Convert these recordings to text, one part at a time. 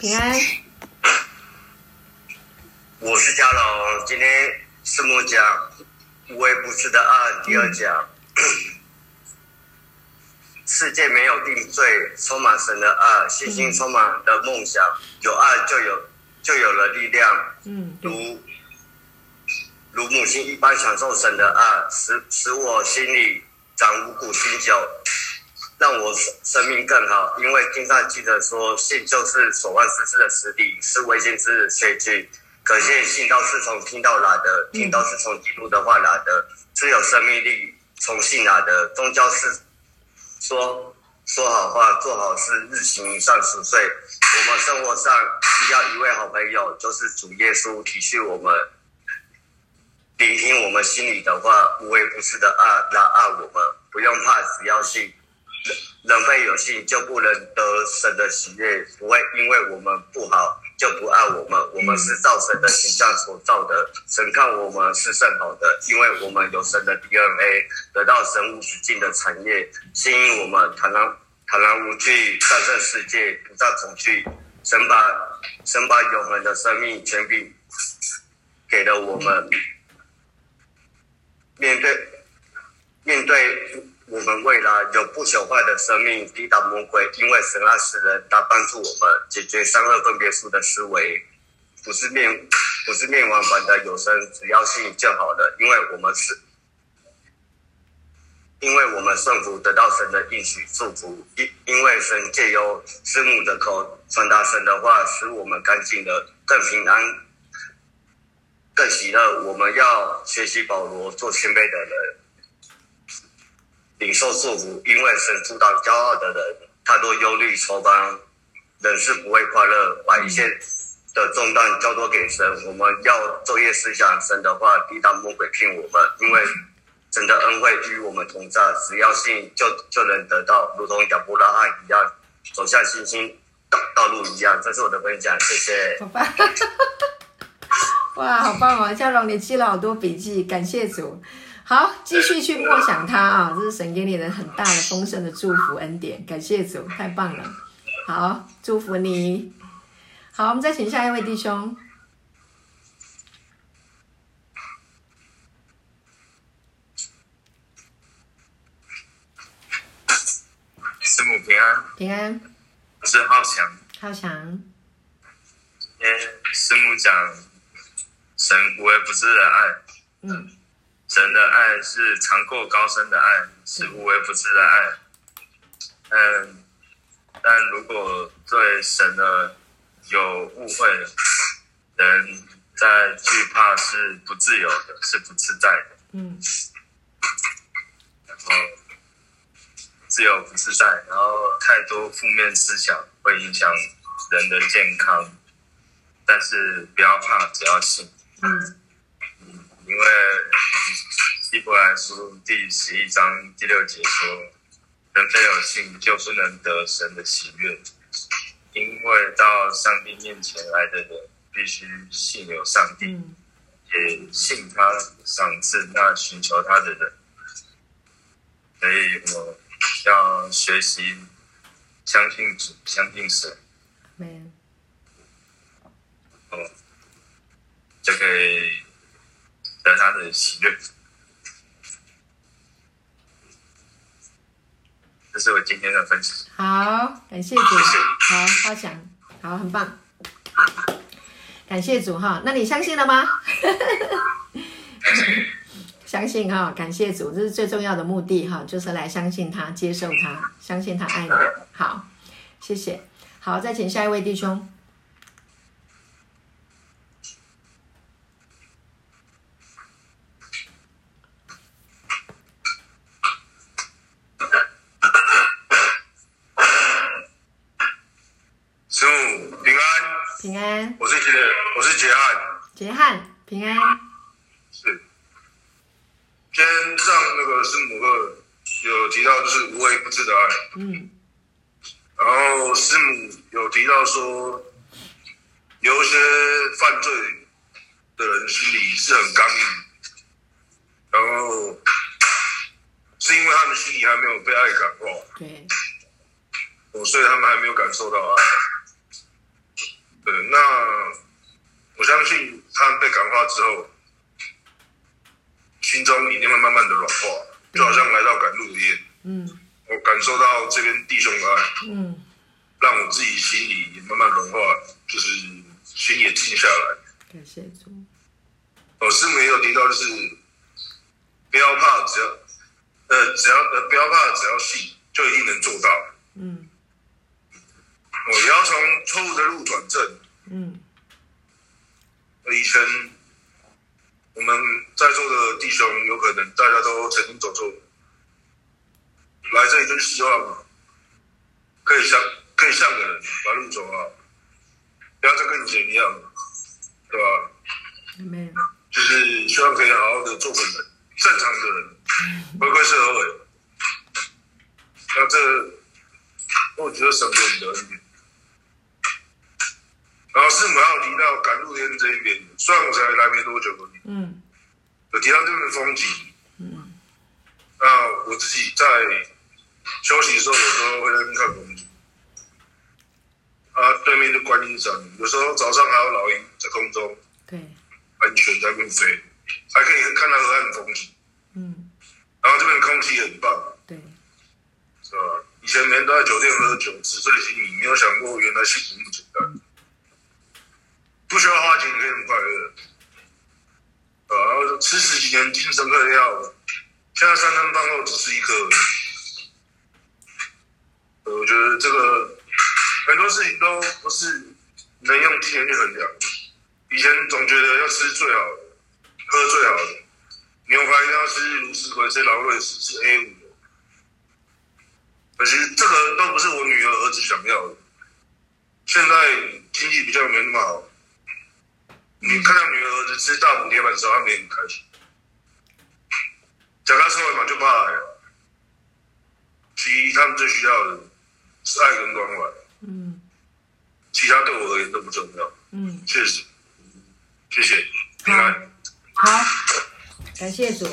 平安，我是佳龍，今天師母講無微不至的愛、啊，第二講、嗯， 世界沒有定罪，充滿神的愛、啊，信心充滿的夢想，有愛、啊、就有就有了力量，嗯，如如母親一般享受神的愛、啊，使使我心裡長五穀新酒。讓我生命更好，因為經上記著說，信就是所望之事的實底，是未見之事的確據。可見信道是從聽道來的，聽道是從基督的話來的，是有生命力。從信來的宗教是說說好話，做好事，日行善十歲。我們生活上需要一位好朋友，就是主耶穌，體恤我們聆聽我們心裡的話，無微不至的愛、啊，來愛、啊、我們，不用怕，只要信。人人非有信，就不能得神的喜悅；不會因為我們不好，就不愛我們。我們是造神的形象所造的，神看我們是甚好的，因為我們有神的 DNA，得到神無止境的產業，吸引我們坦，坦然坦然無懼，戰勝世界，不再恐懼。神把神把永恆的生命權柄給了我們，面對面對。我們為了有不朽壞的生命抵擋魔鬼，因為神愛、啊、世人，他幫助我們解決善惡分別樹的思維，不是滅不是滅亡般的有生，只要信就好了。因為我們是，因為我們順服得到神的應許祝福，因因為神借由師母的口傳達神的話，使我們乾淨的更平安、更喜樂。我們要學習保羅做謙卑的人。你受束縛，因為神阻擋驕傲的人，太多憂慮愁煩，人是不會快樂。把一切的重擔交托給神，我們要晝夜思想神的話，抵擋魔鬼騙我們。因為神的恩惠與我們同在，只要信就就能得到，如同亞伯拉罕一樣，走向信心道道路一樣。這是我的分享，謝謝。 哇，好棒哦！家長，你記了好多筆記，感謝主。好，繼續去默想他啊！這是神給你的很大的豐盛的祝福恩典，感謝主，太棒了！好，祝福你。好，我們再請下一位弟兄。師母平安。平安。我是浩強。浩強。今天師母講神無微不至的愛。嗯。神的愛是長闊高深的愛，是無微不至的愛。嗯，但如果對神的有誤會，人在懼怕是不自由的，是不自在的。嗯。然後自由不自在，然後太多負面思想會影響人的健康。但是不要怕，只要信。嗯。因為《希伯來書》第十一章第六節說：“人非有信，就是不能得神的喜悅。”因為到上帝面前來的人，必須信有上帝，嗯、也信他賞賜那尋求他的人。所以，我要學習相信主，相信神。阿、嗯、門。好，這個。得他的喜悅，這是我今天的分享。好，感謝主、啊謝謝。好，阿祥，好，很棒。感謝主哈、啊，那你相信了嗎？ 相信哈、啊，感謝主，這是最重要的目的哈、啊，就是來相信他，接受他、嗯，相信他愛你。好，謝謝。好，再請下一位弟兄。平安，我是杰，我是杰漢。杰漢，平安。是。今天上那個師母課有提到，就是無微不至的愛。嗯。然後師母有提到說，有一些犯罪的人心裡是很剛硬，然後是因為他們心裡還沒有被愛感化。對。哦，所以他們還沒有感受到愛。對、呃，那我相信他被感化之後，心中一定會慢慢的軟化，就好像來到趕路一樣。嗯，我感受到這邊弟兄的愛嗯，讓我自己心裡也慢慢融化，就是心也靜下來。感謝主。老師沒有提到就是，不要怕，只要呃，只要呃，不要怕，只要信，就一定能做到。嗯。我也要從錯誤的路轉正。嗯，以前我們在座的弟兄，有可能大家都曾經走錯路，來這裡就是希望可以像可以像個人把路走好，啊，不要再跟以前一樣了，對吧？沒有。就是希望可以好好的做個人，正常的人，回歸社會。那這我覺得身邊的人。然後，是母有提到趕路的這一邊，雖然我才來沒多久的，嗯，有提到這邊的風景。嗯，那、啊、我自己在休息的時候，有時候會在那邊看風景。啊，對面的觀音山，有時候早上還有老鷹在空中。對，安全在那邊飛，還可以看到河岸風景。嗯，然後這邊的空氣很棒。對，是、啊、吧？以前每天都在酒店喝酒，嗯、紙醉金迷，沒有想過原來是。不需要花錢也可以很快樂，呃，吃十幾年精神科的藥，現在三餐飯後只吃一顆。呃，我覺得這個很多事情都不是，是能用錢去衡量。以前總覺得要吃最好的，喝最好的，牛排要吃茹絲葵，是勞瑞斯是 A5，可是這個都不是我女兒兒子想要的。現在經濟比較沒那麼好。你看到女兒知道母子滿手，他們很開心。在家生活嘛，就怕了。其實他們最需要的是愛跟關懷。嗯。其他對我而言都不重要。嗯。確實。謝謝。平安。好，感謝主。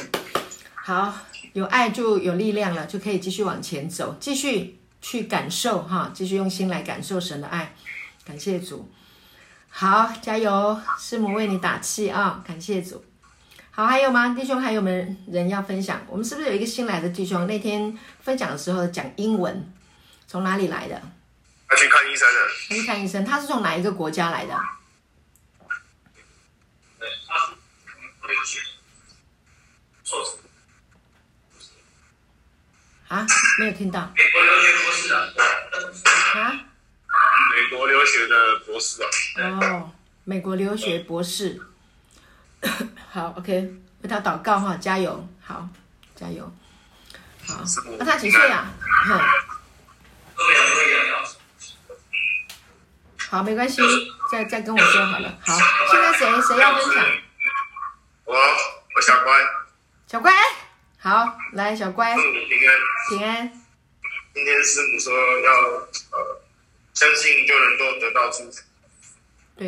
好，有愛就有力量了，就可以繼續往前走，繼續去感受哈，繼續用心來感受神的愛。感謝主。好，加油，師母為你打氣啊、哦！感謝主。好，還有嗎？弟兄，還有沒有人要分享？我們是不是有一個新來的弟兄？那天分享的時候講英文，從哪裡來的？他去看醫生的。去看醫生，他是從哪一個國家來的？對他是嗯、我是是啊？沒有聽到。欸、我我是啊？啊？美國留學的博士啊！哦，美國留學博士， 好，OK，為他禱告哈，加油，好，加油，好，啊、他幾歲啊？哼、嗯，好，沒關係，呃、再再跟我說好了。好，現在誰誰要分享？我，我小乖。小乖，好，來，小乖。嗯、平安，平安。今天師傅說要、呃相信就能夠得到祝福，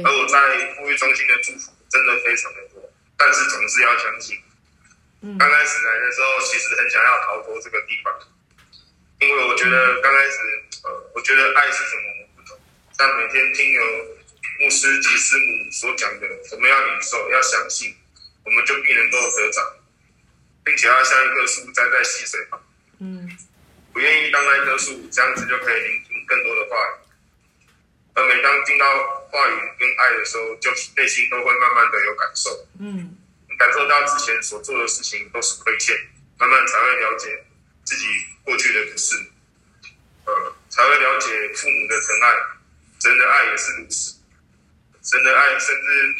而我在富裕中心的祝福真的非常的多，但是總是要相信。剛開始來的時候，其實很想要逃脫這個地方，因為我覺得剛開始，呃，我覺得愛是什麼我不懂。但每天聽由牧師及師母所講的，我們要領受，要相信，我們就必能夠得到，並且要像一棵樹栽在溪水旁。嗯，不願意當那一棵樹，這樣子就可以聆聽更多的話語。而每當聽到話語跟愛的時候，就內心都會慢慢的有感受。嗯，感受到之前所做的事情都是虧欠，慢慢才會了解自己過去的事，呃，才會了解父母的疼愛，神的愛也是如此。神的愛甚至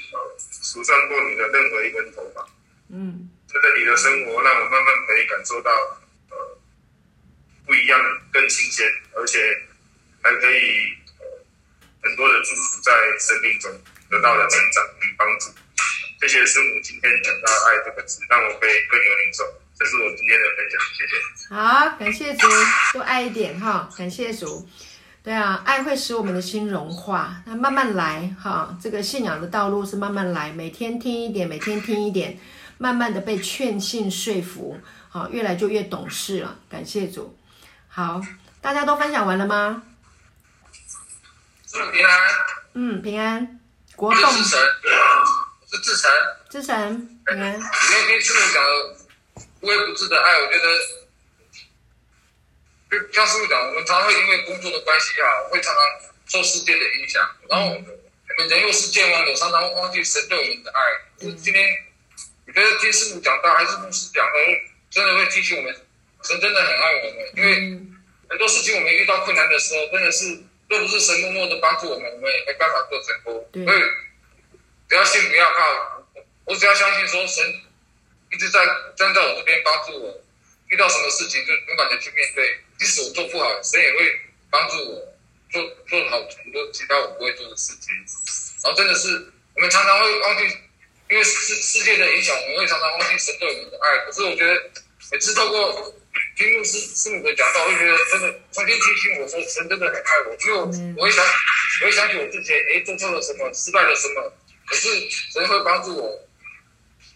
數算，呃、過你的任何一根頭髮。嗯，在這裡的生活讓我慢慢可以感受到，呃，不一樣，更新鮮，而且還可以。很多的祝福在生命中得到了成長與幫助。謝謝師母今天講到“愛”這個詞，讓我可以更有領受。這是我今天的分享，謝謝。好，感謝主，多愛一點哈，感謝主。對啊，愛會使我們的心融化。那慢慢來哈，這個信仰的道路是慢慢來，每天聽一點，每天聽一點，慢慢的被勸信說服，好，越來就越懂事了。感謝主。好，大家都分享完了嗎？祝平安。嗯，平安。國棟。我是志成。志成，平安。因為今天師傅講，無微不至的愛，我覺得，就像師傅講，我們常常會因為工作的關係啊，會常常受世界的影響，然後我們、嗯、人又是健忘，常常會忘記神對我們的愛。嗯。是今天，你覺得聽師傅講，還是牧師講，真的會提醒我們，神真的很愛我們，嗯、因為很多事情我們遇到困難的時候，真的是。又不是神默默的幫助我們，我們也沒辦法做成功。所以，只要信，不要怕，我只要相信說神一直在站在我這邊幫助我。遇到什麼事情，就勇敢的去面對。即使我做不好，神也會幫助我做做,做好很多其他我不會做的事情。然後真的是，我們常常會忘記，因為世世界的影響，我們會常常忘記神對我們的愛。可是我覺得，每次透過。聽牧師、師母的講道，我覺得真的，重新提醒我說，神真的很愛我，就，我也想，我也想起我之前，哎，做錯了什麼，失敗了什麼，可是神會幫助我，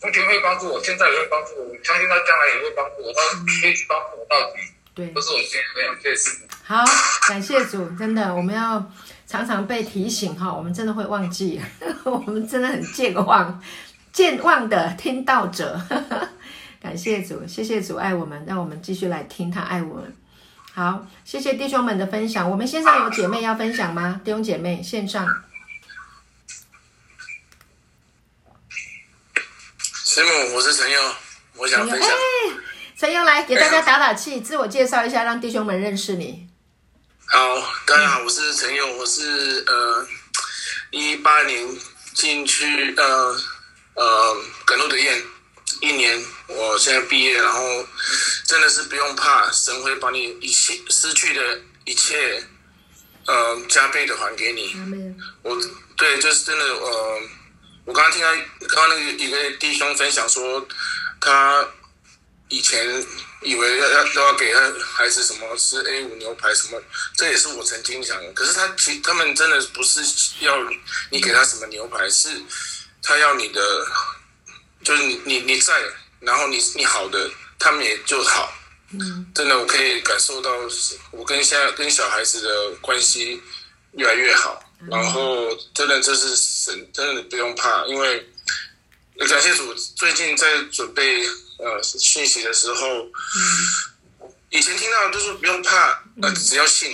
從前會幫助我，現在也會幫助我，相信他將來也會幫助我，他可以去幫助我到底。對，都是我今天非常感謝，謝。好，感謝主，真的，我們要常常被提醒哈，我們真的會忘記， 我們真的很健忘，健忘的聽道者。感謝主，謝謝主愛我們，讓我們繼續來聽他愛我們。好，謝謝弟兄們的分享。我們線上有姐妹要分享嗎？啊、弟兄姐妹，線上。師母，我是陳宥，我想分享。哎，陳、欸、宥來給大家打打氣、欸，自我介紹一下，讓弟兄們認識你。好，大家好，我是陳宥，我是呃，一八年進去呃呃，趕、呃、路的雁。一年，我現在畢業，然後真的是不用怕，神會把你一切失去的一切，呃，加倍的還給你。我對，就是真的，呃，我剛剛聽到剛剛那個一位弟兄分享說，他以前以為要要要給他孩子什麼吃 A5 牛排什麼，這也是我曾經想的。可是他，他們真的不是要你給他什麼牛排，是他要你的。就是你你你在，然後你你好的，他們也就好。真的，我可以感受到，我跟現在跟小孩子的關係越來越好。然後真的這是神，真的不用怕，因為感謝主，最近在準備呃訊息的時候，以前聽到都說不用怕，呃，只要信，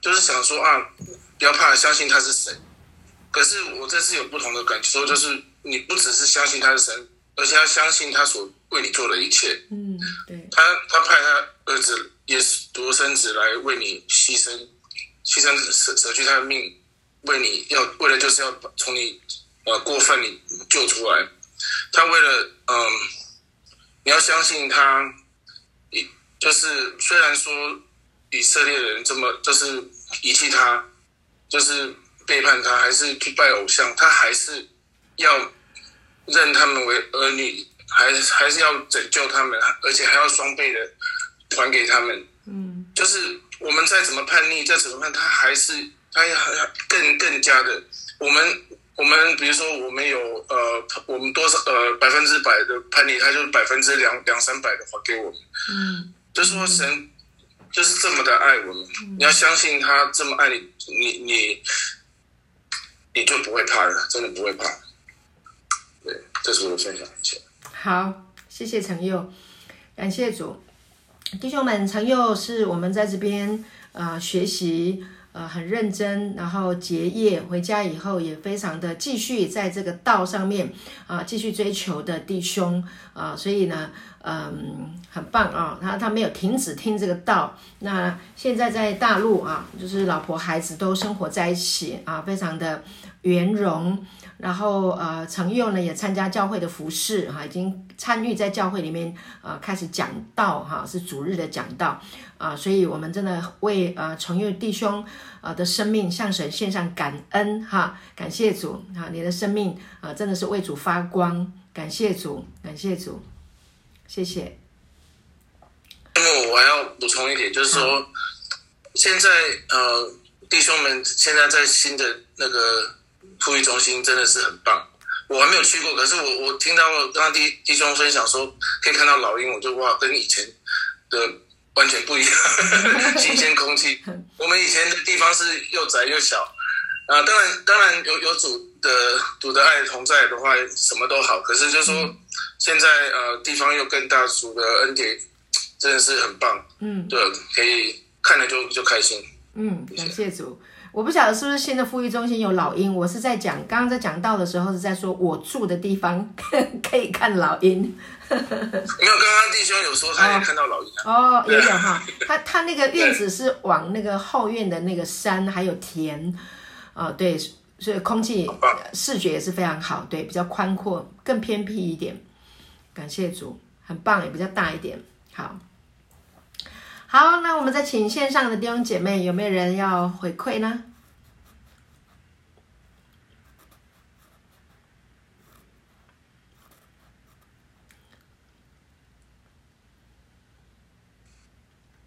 就是想說啊，不要怕，相信他是神。可是我這次有不同的感受，就是。你不只是相信他的神，而且要相信他所為你做的一切。嗯，對，他他派他兒子耶穌獨生子來為你犧牲，犧牲舍舍去他的命，為你要為了就是要從你、呃、過犯裡救出來。他為了嗯、呃，你要相信他就是，雖然說以色列人這麼就是遺棄他，就是背叛他，還是去拜偶像，他還是。要認他們為兒女，還是還是要拯救他們，而且還要雙倍的還給他們。嗯，就是我們再怎麼叛逆，再怎麼叛逆，他還是他更更加的。我們我們比如說我們有呃，我們多少呃百分之百的叛逆，他就百分之兩兩三百的還給我們。嗯，就說神就是這麼的愛我們，嗯，你要相信他這麼愛你，你你你就不會怕的，真的不會怕。這是我的分享一切。好，謝謝陳佑，感謝主，弟兄們，陳佑是我們在這邊呃學習呃很認真，然後結業回家以後也非常的繼續在這個道上面啊、呃、繼續追求的弟兄啊、呃，所以呢，嗯、呃，很棒啊，他、哦、他沒有停止聽這個道，那現在在大陸啊，就是老婆孩子都生活在一起啊，非常的圓融。然後呃，成佑呢也參加教會的服事哈，已經參與在教會裡面啊、呃，開始講道哈，是主日的講道啊，所以我們真的為呃成佑弟兄啊、呃、的生命向神獻上感恩哈，感謝主啊，你的生命啊、呃、真的是為主發光，感謝主，感謝主，謝謝。那麼我還要補充一點，就是說、嗯、現在呃弟兄們現在在新的那個。富裕中心真的是很棒，我還沒有去過，可是我我聽到剛剛弟弟兄分享說可以看到老鷹，我就哇，跟以前的完全不一樣，呵呵新鮮空氣。 我們以前的地方是又窄又小，啊、呃，當然當然有有主的主的愛同在的話什麼都好，可是就說、嗯、現在呃地方又更大，主的恩典真的是很棒，嗯，對，可以看了就就開心，嗯，感謝主。我不曉得是不是新的富裕中心有老鷹，我是在講，剛剛在講到的時候是在說，我住的地方可以看老鷹。因為 有，剛剛弟兄有說他、哦、看到老鷹、啊、哦，也有哈， 他他那個院子是往那個後院的那個山還有田，啊、哦，對，所以空氣視覺也是非常好，對，比較寬闊，更偏僻一點。感謝主，很棒，也比較大一點，好。好，那我們再請線上的弟兄姐妹，有沒有人要回饋呢？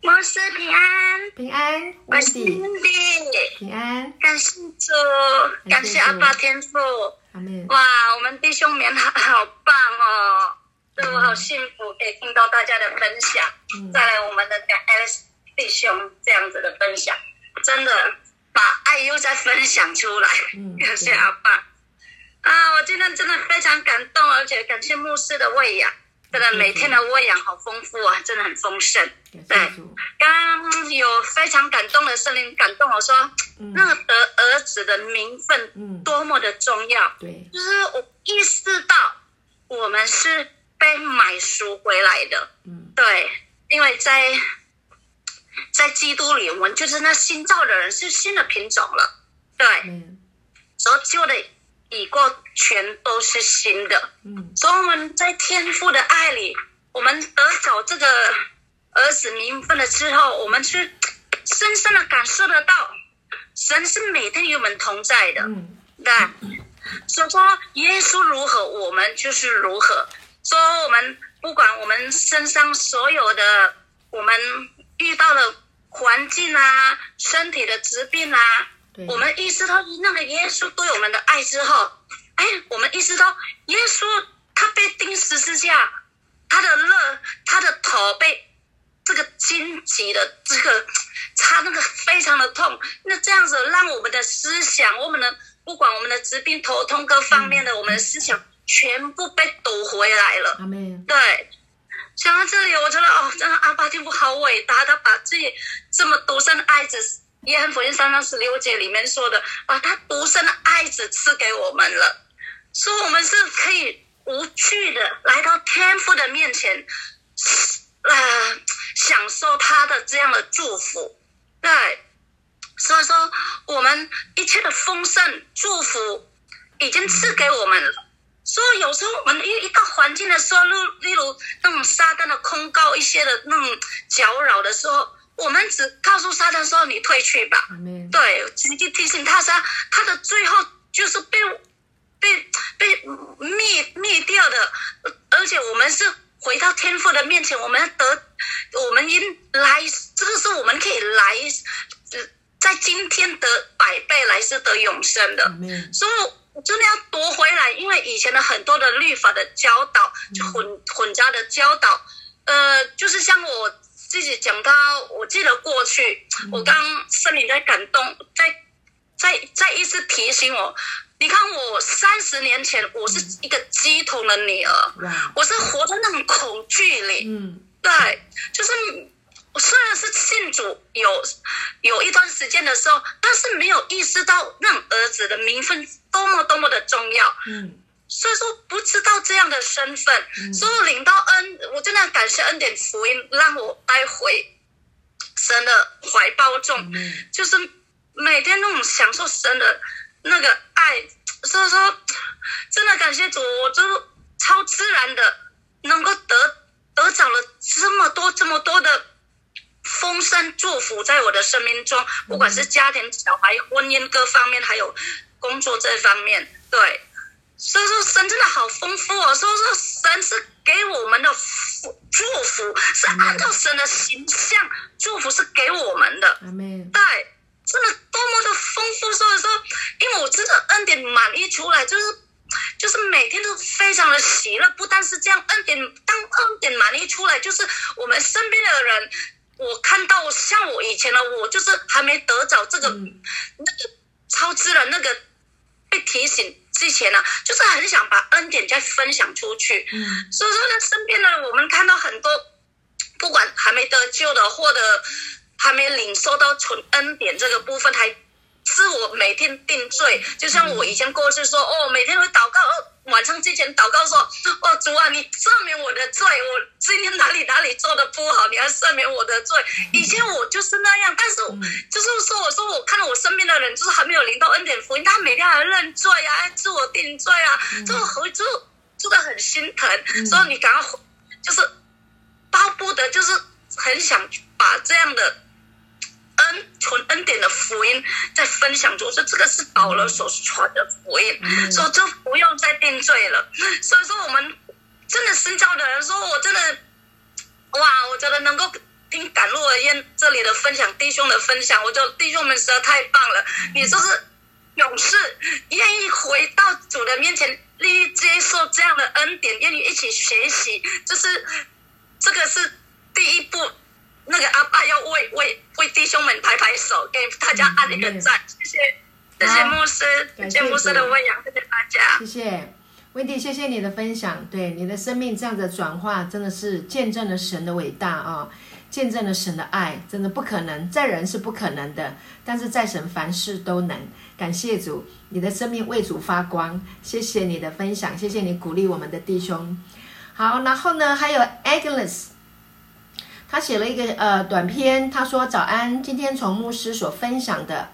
牧師平安，平安，感謝上帝，平安，感謝主，感謝阿爸天父。哇，我們弟兄們好，好棒哦！我好幸福，可以聽到大家的分享。嗯、再來我們的艾斯弟兄這樣子的分享，真的把愛又再分享出來。嗯、感謝阿爸啊！我今天真的非常感動，而且感謝牧師的餵養，真的每天的餵養好豐富啊，真的很豐盛。嗯、對，剛剛有非常感動的聖靈感動我說，嗯、那個得兒子的名分，多麼的重要、嗯。對，就是我意識到我們是。被買贖回來的，嗯，對，因為在在基督裡，我們就是那新造的人，是新的品種了，對，嗯，所以舊的已過，全都是新的，嗯，所以我們在天父的愛裡，我們得著這個兒子名分了之後，我們是深深的感受得到，神是每天與我們同在的，嗯，對，所以說，耶穌如何，我們就是如何。說我們不管我們身上所有的，我們遇到了環境啊，身體的疾病啊，我們意識到那個耶穌對我們的愛之後，哎，我們意識到耶穌他被釘十字架，他的樂，他的頭被這個荊棘的這個插那個非常的痛，那這樣子讓我們的思想，我們的不管我們的疾病、頭痛各方面的，我們的思想。嗯全部被奪回來了。對，想到這裡，我覺得哦，真的阿爸天父好偉大，他把自己這麼獨生的愛子，約翰福音三章十六節裡面說的，把他獨生的愛子賜給我們了，說我們是可以無懼的來到天父的面前，啊、呃，享受他的這樣的祝福。對，所以說我們一切的豐盛祝福已經賜給我們了。所、so, 以有時候我們一一個環境的時候，例例如那種撒旦的控告一些的那種攪擾的時候，我們只告訴撒旦說：“你退去吧。”對，直接提醒他說他的最後就是被被被滅滅掉的。而且我們是回到天父的面前，我們要得我們應來，這、就、個是我們可以來，在今天得百倍，來世得永生的。所以。真的要奪回來，因為以前的很多的律法的教導，就混混雜的教導，呃，就是像我自己講到，我記得過去，我剛聖靈在感動，在在在一直提醒我，你看我三十年前，我是一個乩童的女兒，我是活在那種恐懼裡，對，就是雖然是信主有，有有一段時間的時候，但是沒有意識到讓兒子的名分。多麼多麼的重要，嗯，所以說不知道這樣的身份，嗯，所以領到恩，我真的感謝恩典福音，讓我帶回神的懷抱中，嗯，就是每天那種享受神的那個愛，所以說真的感謝主，我就超自然的能夠得得着了這麼多這麼多的豐盛祝福，在我的生命中，嗯，不管是家庭、小孩、婚姻各方面，還有。工作這方面，對，所以說神真的好豐富哦，所以說神是給我們的福祝福，是按照神的形象祝福是給我們的，對，真的多麼的豐富，所以說，因為我真的恩典滿溢出來，就是就是每天都非常的喜樂。不但是這樣，恩典當恩典滿溢出來，就是我們身邊的人，我看到像我以前的，我就是還沒得着這個、嗯這個、超那個超支了那個。提醒之前呢、啊，就是很想把恩典再分享出去。嗯，所以說呢，身邊呢，我們看到很多，不管還沒得救的，或者還沒領受到純恩典這個部分，還自我每天定罪。就像我以前過去說，哦，每天會禱告哦。晚上之前禱告說：“哦，主啊，你赦免我的罪，我今天哪裡哪裡做的不好，你要赦免我的罪。以前我就是那樣，但是就是說我，我說我看到我身邊的人，就是還沒有領到恩典福音，他每天還認罪呀、啊，自我定罪啊，嗯、就就做的很心疼、嗯。所以你趕快，就是，巴不得，就是很想把這樣的。”恩典的福音在分享中說，這個是保羅所傳的福音嗯嗯，所以就不用再定罪了。所以說，我們真的深交的人說，我真的，哇，我覺得能夠聽趕路的言這裡的分享，弟兄的分享，我覺得弟兄們實在太棒了。嗯、你就是勇士，願意回到主的面前，願意接受這樣的恩典，願意一起學習，就是這個是第一步。那個阿爸要為為為弟兄們拍拍手，給大家按一個讚，謝謝，謝謝牧師，啊、感謝謝牧師的餵養，謝謝大家，謝謝，Wendy，謝謝你的分享，對，你的生命這樣的轉化，真的是見證了神的偉大啊、哦，見證了神的愛，真的不可能，在人是不可能的，但是在神凡事都能，感謝主，你的生命為主發光，謝謝你的分享，謝謝你鼓勵我們的弟兄，好，然後呢，還有 Agnes。他寫了一個呃短篇，他說：“早安，今天從牧師所分享的，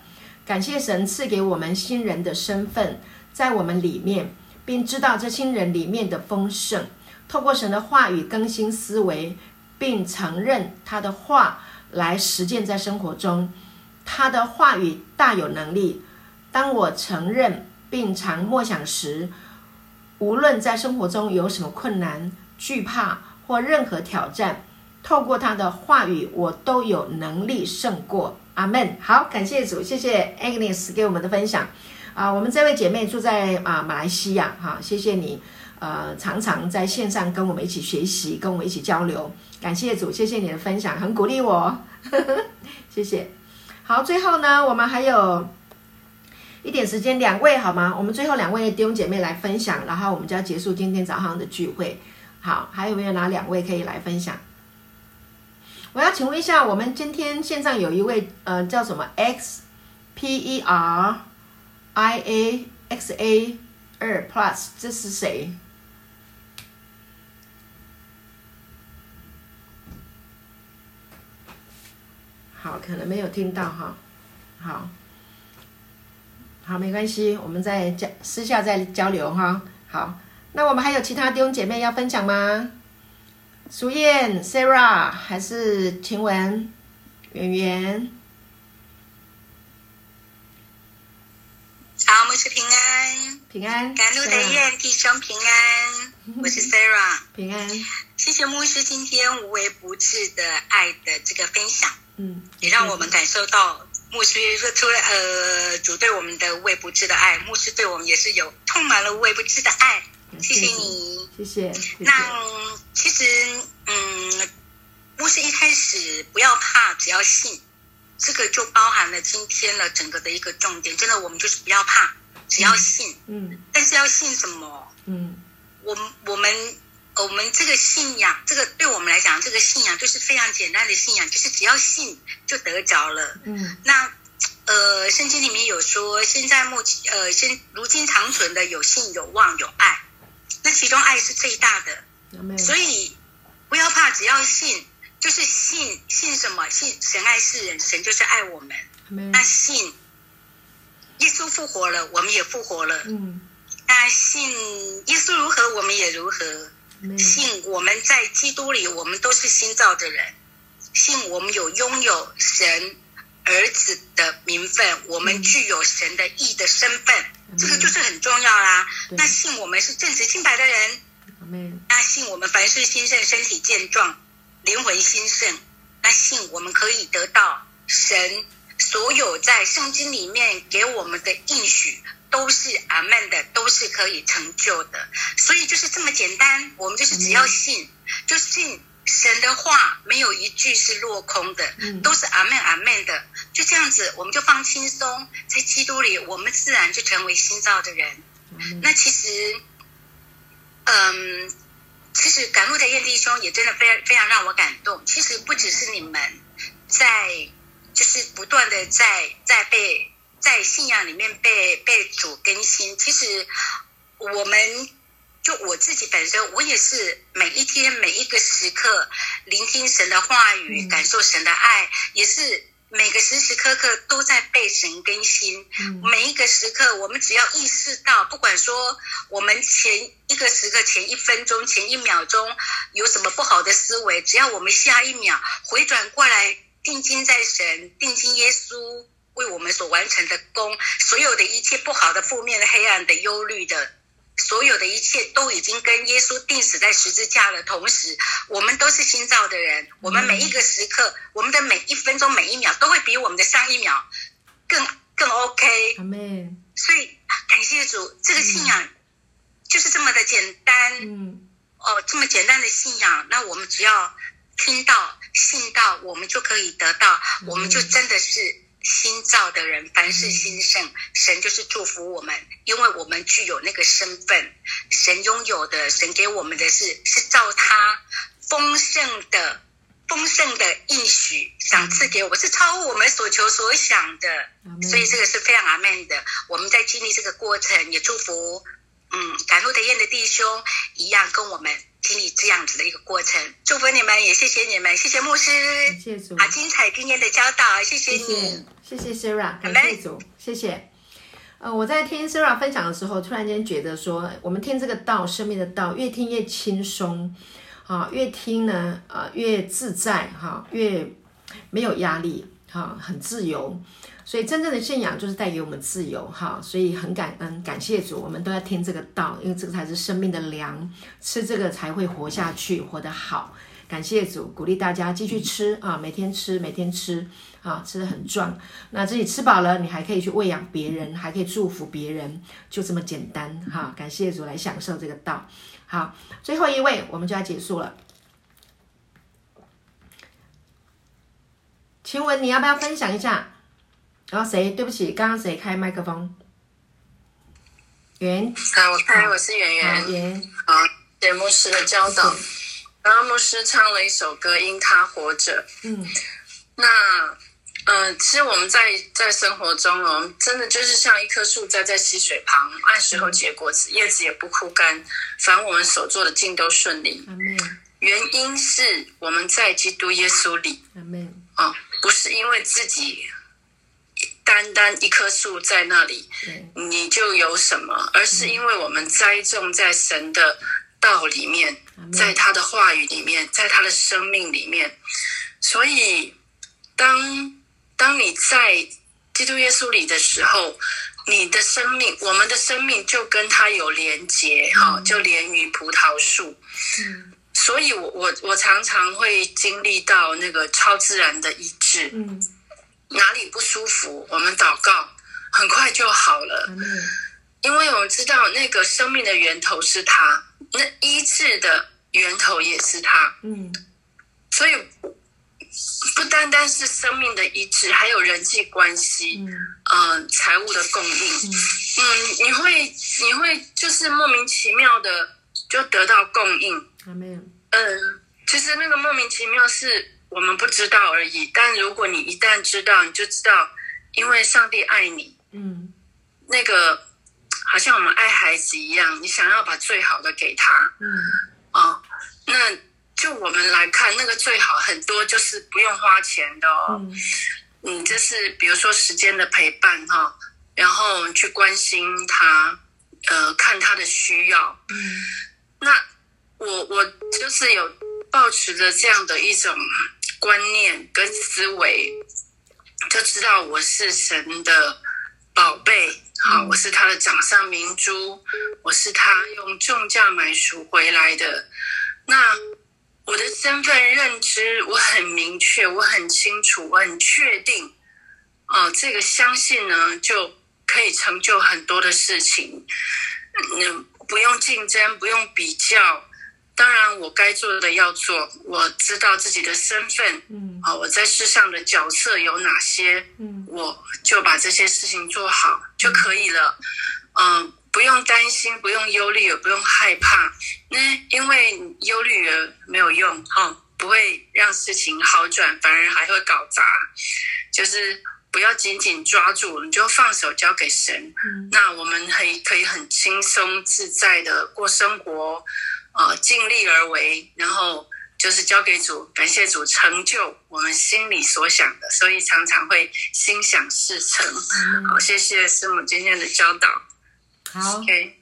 感謝神賜給我們新人的身份，在我們裡面，並知道這新人裡面的豐盛。透過神的話語更新思維，並承認他的話來實踐在生活中。他的話語大有能力。當我承認並常默想時，無論在生活中有什麼困難、懼怕或任何挑戰。”透過他的話語，我都有能力勝過，阿門。好，感謝主，謝謝 Agnes 給我們的分享啊、呃。我們這位姐妹住在啊、呃、馬來西亞，哈、啊，謝謝你，呃，常常在線上跟我們一起學習，跟我們一起交流。感謝主，謝謝你的分享，很鼓勵我呵呵，謝謝。好，最後呢，我們還有一點時間，兩位好嗎？我們最後兩位弟兄姐妹來分享，然後我們就要結束今天早上的聚會。好，還有沒有哪兩位可以來分享？我要請問一下，我們今天線上有一位，呃，叫什麼 X P E R I A X A 二 Plus，這是誰？好，可能沒有聽到哈。好，好，沒關係，我們再交私下再交流哈。好，那我們還有其他弟兄姐妹要分享嗎？蘇燕、Sarah 還是晴雯、圓圓，好，牧師平安，平安，趕路的燕，弟兄平安。我是 Sarah， 平安。謝謝牧師今天無微不至的愛的這個分享，嗯，也讓我們感受到牧師說出了呃主對我們的無微不至的愛，牧師對我們也是有充滿了無微不至的愛。謝謝你，嗯謝謝，謝謝。那，嗯、其實，嗯，牧師一開始不要怕，只要信，這個就包含了今天的整個的一個重點，真的，我們就是不要怕，只要信。嗯。嗯，但是要信什麼？嗯。我們我們我們這個信仰，這個對我們來講，這個信仰就是非常簡單的信仰，就是只要信就得着了。嗯。那呃，聖經裡面有說，現在目前呃，現如今長存的有信、有望、有愛。那其中愛是最大的，Amen. 所以不要怕，只要信，就是信。信什麼？信神愛世人，神就是愛我們。那信耶穌復活了，我們也復活了。嗯，那信耶穌如何，我們也如何。Amen. 信我們在基督裡，我們都是新造的人。信我們有擁有神兒子的名分，我們具有神的義的身份。嗯嗯 Amen. 這個就是很重要啦、啊。那信我們是正直清白的人，Amen. 那信我們凡事興盛，身體健壯，靈魂興盛。那信我們可以得到神所有在聖經裡面給我們的應許，都是阿門的，都是可以成就的。所以就是這麼簡單，我們就是只要信，Amen. 就信。神的話沒有一句是落空的，都是阿們阿們的，就這樣子，我們就放輕鬆，在基督裡，我們自然就成為新造的人。那其實，嗯，其實感悟的燕弟兄也真的非常非常讓我感動。其實不只是你們在，在就是不斷的在在被在信仰裡面被被主更新。其實我們。就我自己本身，我也是每一天每一個時刻聆聽神的話語，感受神的愛，嗯，也是每個時時刻刻都在被神更新。嗯、每一個時刻，我們只要意識到，不管說我們前一個時刻、前一分鐘、前一秒鐘有什麼不好的思維，只要我們下一秒回轉過來，定睛在神，定睛耶穌為我們所完成的功，所有的一切不好的、負面的、黑暗的、憂慮的。所有的一切都已經跟耶穌釘死在十字架的同時，我們都是新造的人，我們每一個時刻，我們的每一分鐘每一秒都會比我們的上一秒更更 OK。所以感謝主，這個信仰就是這麼的簡單。嗯，哦，這麼簡單的信仰，那我們只要聽到信到，我們就可以得到，我們就真的是。新造的人，凡事興盛，神就是祝福我們，因為我們具有那個身份。神擁有的，神給我們的是，是照他豐盛的、豐盛的應許賞賜給我們，是超乎我們所求所想的。所以這個是非常阿門的。我們在經歷這個過程，也祝福。嗯，趕路的燕的弟兄一樣跟我們經歷這樣子的一個過程，祝福你們，也謝謝你們，謝謝牧師好，謝謝精彩今天的教導，謝謝你，謝謝，謝，謝 Sarah，感謝主、Bye，謝謝。呃，我在聽 Sarah 分享的時候，突然間覺得說，我們聽這個道，生命的道，越聽越輕鬆，啊，越聽呢，啊、呃，越自在哈、啊，越沒有壓力哈、啊，很自由。所以真正的信仰就是帶給我們自由哈，所以很感恩，感謝主，我們都要聽這個道，因為這個才是生命的糧，吃這個才會活下去，活得好。感謝主，鼓勵大家繼續吃啊，每天吃，每天吃啊，吃得很壯。那自己吃飽了，你還可以去餵養別人，還可以祝福別人，就這麼簡單哈。感謝主來享受這個道。好，最後一位，我們就要結束了。請問，你要不要分享一下？然後誰？對不起，剛剛誰開麥克風？圓，啊，我開，我是圓圓、啊。好，謝謝牧師的教導。然後牧師唱了一首歌，《因他活着》。嗯，那，嗯、呃，其實我們在在生活中，我們真的就是像一棵樹栽在溪水旁，按時候結果子，嗯、葉子也不枯乾，凡我們所做的盡都順利、啊。原因是我們在基督耶穌裡。啊，啊不是因為自己。單單一棵樹在那裡，你就有什麼？而是因為我們栽種在神的道裡面，嗯、在他的話語裡面，在他的生命裡面。所以，當當你在基督耶穌裡的時候，你的生命，我們的生命，就跟他有連結，哈、嗯哦，就連於葡萄樹。嗯、所以我我我常常會經歷到那個超自然的醫治。嗯哪裡不舒服，我們禱告，很快就好了。Amen. 因為我們知道那個生命的源頭是他，那醫治的源頭也是他。嗯，所以不單單是生命的醫治，還有人際關係，嗯，呃，財務的供應，嗯，嗯，你會你會就是莫名其妙的就得到供應，嗯、呃。其實那個莫名其妙是我們不知道而已，但如果你一旦知道，你就知道，因為上帝愛你，嗯，那個好像我們愛孩子一樣，你想要把最好的給他，嗯，哦，那就我們來看，那個最好很多就是不用花錢的哦，嗯，嗯，你就是比如說時間的陪伴哈哦，然後去關心他，呃，看他的需要，嗯，那我我就是有。抱持着這樣的一種觀念跟思維，就知道我是神的寶貝，好、嗯啊，我是他的掌上明珠，我是他用重價買贖回來的。那我的身份認知我很明確，我很清楚，我很確定。哦、啊，這個相信呢，就可以成就很多的事情。嗯，不用競爭，不用比較。當然，我該做的要做。我知道自己的身份，嗯、哦，我在世上的角色有哪些，嗯，我就把這些事情做好、嗯、就可以了。嗯、呃，不用擔心，不用憂慮，也不用害怕。那、嗯、因為憂慮也沒有用，哈、哦，不會讓事情好轉，反而還會搞砸。就是不要緊緊抓住，你就放手交給神。嗯、那我們可以可以很輕鬆自在的過生活。啊，盡力而為，然後就是交給主，感謝主成就我們心裡所想的，所以常常會心想事成。好、嗯，謝謝師母今天的教導。好，OK，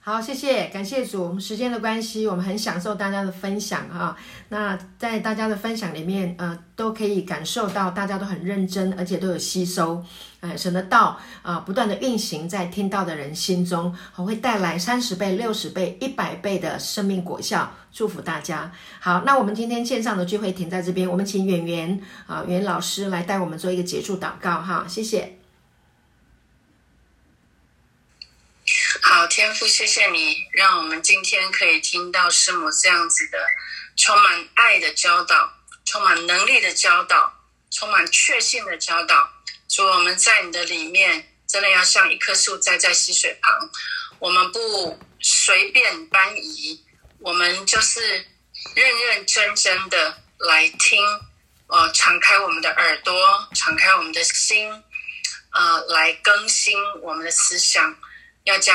好，謝謝，感謝主。我們時間的關係，我們很享受大家的分享啊、哦。那在大家的分享裡面，呃，都可以感受到大家都很認真，而且都有吸收。哎，神的道啊，不斷的運行在聽到的人心中，會帶來三十倍、六十倍、一百倍的生命果效，祝福大家。好，那我們今天線上的聚會停在這邊，我們請遠原啊，袁老師來帶我們做一個結束禱告，哈，謝謝。好，天父，謝謝你讓我們今天可以聽到師母這樣子的充滿愛的教導，充滿能力的教導，充滿確信的教導。所以我們在你的裡面，真的要像一棵樹栽在，在溪水旁，我們不隨便搬移，我們就是認認真真的來聽，呃，敞開我們的耳朵，敞開我們的心，呃，來更新我們的思想，要將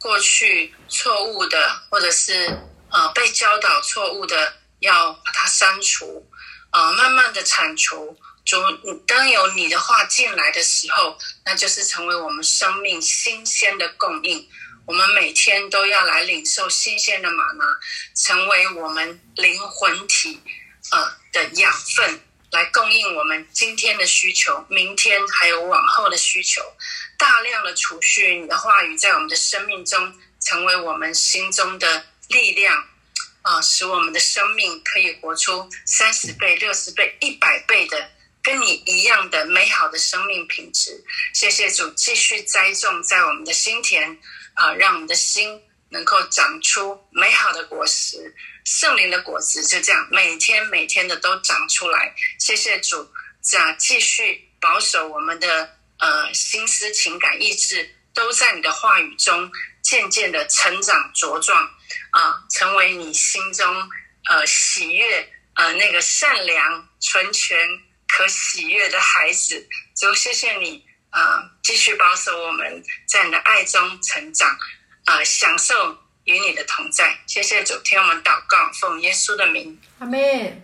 過去錯誤的或者是呃被教導錯誤的，要把它刪除，呃，慢慢的鏟除。主，當有你的話進來的時候，那就是成為我們生命新鮮的供應。我們每天都要來領受新鮮的嗎哪，成為我們靈魂體呃的養分，來供應我們今天的需求，明天還有往後的需求。大量的儲蓄，你的話語在我們的生命中，成為我們心中的力量啊、呃，使我們的生命可以活出三十倍、六十倍、一百倍的。跟你一樣的美好的生命品質，謝謝主繼續栽種在我們的心田啊、呃，讓我們的心能夠長出美好的果實，聖靈的果實就這樣每天每天的都長出來。謝謝主這樣繼續保守我們的呃心思情感意志都在你的話語中漸漸的成長茁壯啊、呃，成為你心中呃喜悅呃那個善良純全可喜悅的孩子，主謝謝你啊、呃！繼續保守我們在你的愛中成長，啊、呃，享受與你的同在。謝謝主，聽我們禱告，奉耶穌的名。阿們，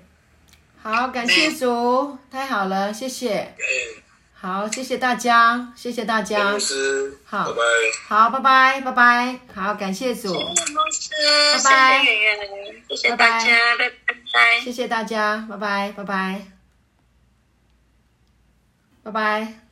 好，感謝主，嗯、太好了，謝謝、嗯。好，謝謝大家，謝謝大家謝。好，拜拜，好，拜拜，拜拜，好，感謝主。謝謝牧師，拜拜。謝謝圓圓，謝謝大家拜拜，拜拜。謝謝大家，拜拜，拜拜。拜拜。